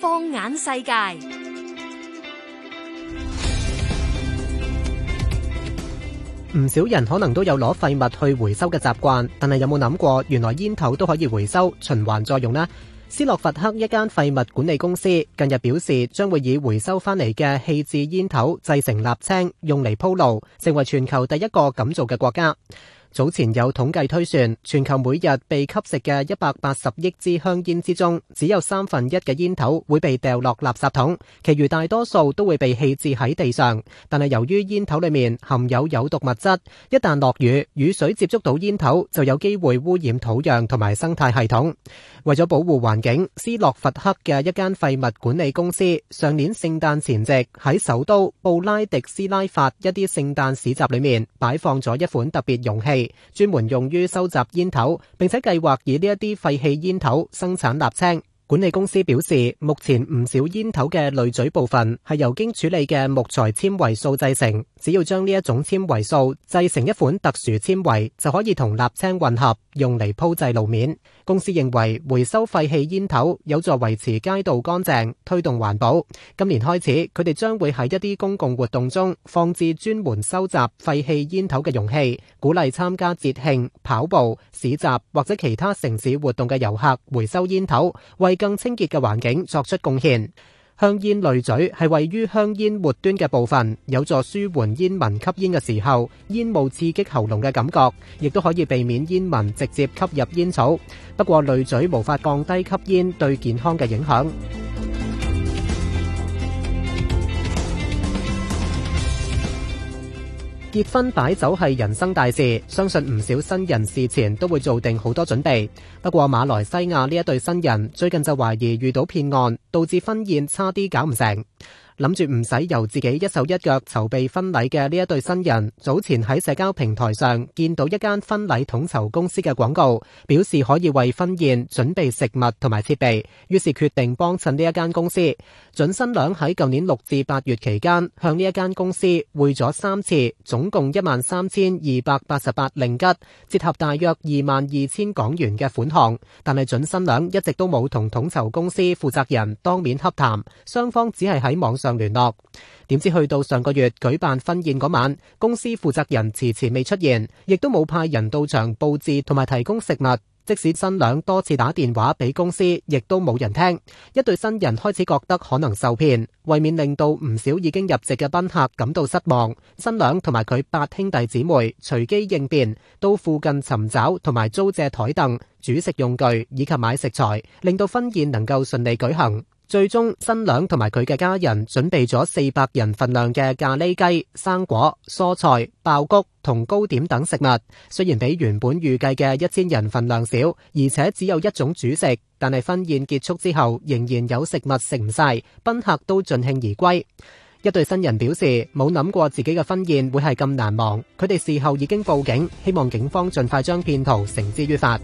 放眼世界，唔少人可能都有攞廢物去回收嘅習慣，但係有冇諗過，原來煙頭都可以回收循環再用呢？斯洛伐克一間廢物管理公司近日表示，將會以回收返嚟嘅棄置煙頭製成瀝青，用嚟鋪路，成為全球第一個咁做嘅國家。早前有統計推算，全球每日被吸食嘅一百八十億支香煙之中，只有三分一嘅煙頭會被掉落垃圾桶，其餘大多數都會被棄置喺地上。但係由於煙頭裡面含有有毒物質，一旦落雨，雨水接觸到煙頭就有機會污染土壤同埋生態系統。為咗保護環境，斯洛伐克嘅一間廢物管理公司上年聖誕前夕喺首都布拉迪斯拉法一啲聖誕市集裏面擺放咗一款特別容器。專門用於收集煙頭，並且計劃以呢一啲廢棄煙頭生產瀝青。管理公司表示，目前唔少煙頭嘅濾嘴部分係由經處理嘅木材纖維素製成。只要將呢一種纖維素製成一款特殊纖維，就可以同瀝青混合，用嚟鋪製路面。公司認為回收廢棄煙頭有助維持街道乾淨，推動環保。今年開始，佢哋將會喺一啲公共活動中放置專門收集廢棄煙頭嘅容器，鼓勵參加節慶、跑步、市集或者其他城市活動嘅遊客回收煙頭，為更清潔嘅環境作出貢獻。香煙濾嘴係位於香煙末端嘅部分，有助舒緩煙民吸煙嘅時候煙霧刺激喉嚨嘅感覺，亦都可以避免煙民直接吸入煙草。不過，濾嘴無法降低吸煙對健康嘅影響。結婚擺酒係人生大事，相信唔少新人事前都會做定好多準備。不過馬來西亞呢一對新人最近就懷疑遇到騙案，導致婚宴差啲搞唔成。諗住唔使由自己一手一腳籌備婚禮嘅呢一對新人，早前喺社交平台上見到一間婚禮統籌公司嘅廣告，表示可以為婚宴準備食物同埋設備，於是決定幫襯呢一間公司。準新娘喺舊年六至八月期間，向呢一間公司匯咗三次，總共一萬三千二百八十八令吉，折合大約二萬二千港元嘅款項。但係準新娘一直都冇同統籌公司負責人當面洽談，雙方只係喺網上聯絡，點知去到上個月舉辦婚宴嗰晚，公司負責人遲遲未出現，亦都冇派人到場佈置同埋提供食物。即使新娘多次打電話俾公司，亦都冇人聽。一對新人開始覺得可能受騙，為免令到唔少已經入席嘅賓客感到失望，新娘同埋佢八兄弟姊妹隨機應變，到附近尋找同埋租借台凳、煮食用具以及買食材，令到婚宴能夠順利舉行。最終，新娘同埋佢嘅家人準備咗四百人份量嘅咖喱雞、生果、蔬菜、爆穀同糕點等食物。雖然比原本預計嘅一千人份量少，而且只有一種主食，但係婚宴結束之後，仍然有食物食唔晒，賓客都盡興而歸。一對新人表示，冇諗過自己嘅婚宴會係咁難忘，佢哋事後已經報警，希望警方盡快將騙徒繩之於法。